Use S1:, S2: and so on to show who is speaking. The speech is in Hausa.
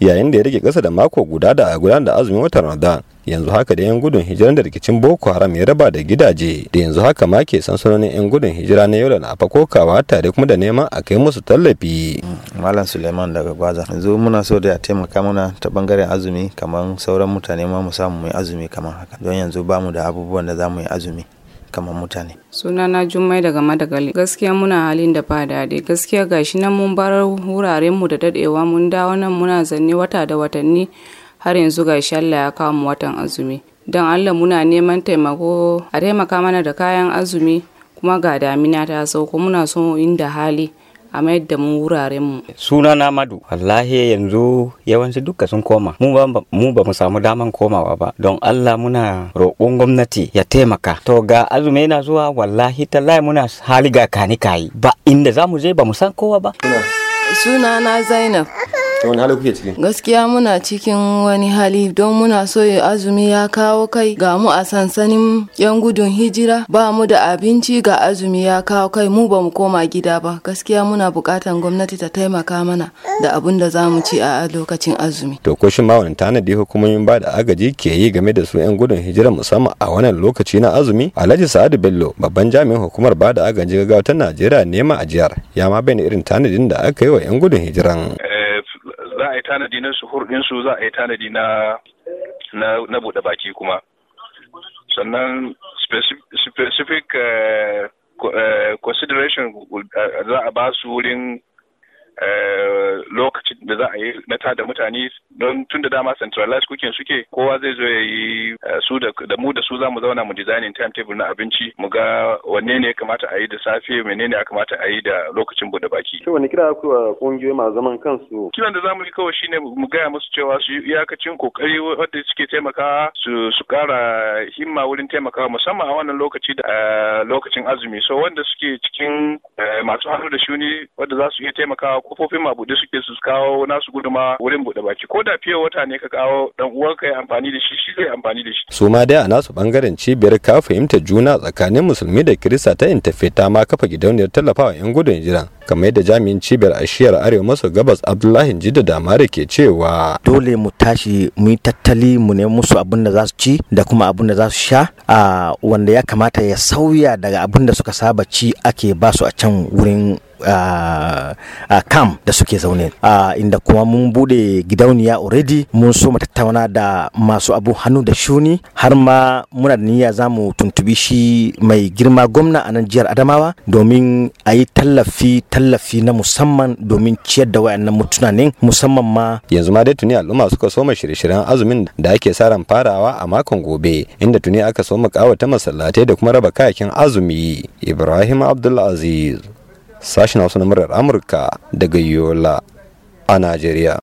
S1: yayin da ya rage ƙasa da mako guda da a gudanar da azumin watan ramadan yanzu haka da yan gudun hijiran da rikicin boko haram ya raba da gidaje da yanzu haka ma ke sansanonin yan gudun hijira na yau da na kokawa
S2: tare kuma da neman a kai musu tallafi malam suleiman daga gwaza yanzu muna so da ya taimaka mana ta bangaren azumi kamar sauran mutane ma mu samu mu yi azumi kamar haka don yanzu bamu da abubuwan da za mu yi azumi kamar mutane
S3: sunana jummai daga madagali gaskiya muna halin da ba daɗi gaskiya gashi nan mun bar wuraren mu da dadewa mun dawo nan muna zanne wata da watanni har yanzu gashi Allah ya kawo mu watan azumi don Allah muna neman taimako a taimaka mana da kayan azumi kuma ga damina ta sauko muna so inda hali a mayar da mu wuraren mu
S2: suna na madu wallahi yanzu yawanci duka sun koma mu ba mu ba mu samu daman komawa ba don Allah muna roƙon gwamnati ya taimaka to ga azumi yana zuwa wallahi tallahi muna hali ga kani kayi ba inda zamu je ba mu san kowa ba suna na Zainab wani hali kuke ciki
S3: gaskiya muna cikin wani hali don muna so ya azumi ya kawo kai ga mu a sansanin yan gudun hijira ba mu da abinci ga azumi ya kawo kai mu ba mu koma gida ba gaskiya muna bukatan gwamnati ta taimaka mana da abin da za mu ci a lokacin azumi
S1: to ko shin ma wani tanadi hukumomin ba da agaji ke yi game da su yan gudun hijira musamman a wannan lokaci na azumi alhaji sa'adu bello babban jami'in hukumar ba da agaji gaggawa ta najeriya nema a jihar ya ma bayyana irin tanadin da aka yi wa yan gudun hijiran
S4: yi tanadi na suhur ɗinsu za a yi tanadi na na buɗe baki kuma sannan specific eh, eh, consideration eh, za a ba su wurin da za a yi na tada mutane don tun da dama centralized cooking suke kowa zai zo ya yi eh, su da mu da su za mu zauna mu designing timetable na abinci mu ga wanne ne ya kamata a yi da safe ne ya kamata a yi da lokacin bude baki. Shi wani kira ku a ƙungiyoyi masu zaman kansu? Kiran da za mu yi kawai shine mu gaya musu cewa su iyakacin kokari wanda suke taimakawa su su kara himma wurin taimakawa musamman a wannan lokaci da eh, lokacin azumi so wanda suke cikin eh, masu hannu da shuni wadda za su iya taimakawa kofofin mabuɗe suke su kawo kawo nasu guduma wurin buɗe baki ko da fiye wata ne ka kawo dan uwanka ya amfani da shi shi zai amfani da shi
S1: su ma dai a nasu bangaren cibiyar ka fahimta juna tsakanin musulmi da kirista ta ta ma kafa gidauniyar tallafawa yan gudun jiran kamar yadda jami'in cibiyar ashiyar arewa maso gabas abdullahi jida damari ke cewa
S2: dole mu tashi mu tattali mu ne musu abin da za su ci da kuma abin da za su sha a wanda ya kamata ya sauya daga abin da suka saba ci ake ba su a can wurin a kam da suke zaune a inda kuma mun bude gidauniya already mun so mu tattauna da masu abu hannu da shuni har ma muna da niyya za mu tuntubi shi mai girma gwamna a nan jihar adamawa domin a yi tallafi tallafi na musamman domin ciyar da wayannan mutunanin musamman ma
S1: yanzu ma dai tuni al'umma suka soma shirye-shiryen azumin da ake sa ran farawa a makon gobe inda tuni aka soma kawata masallatai da kuma raba kayakin azumi Ibrahim Abdulaziz sashen Hausa na murar Amurka daga Yola a Najeriya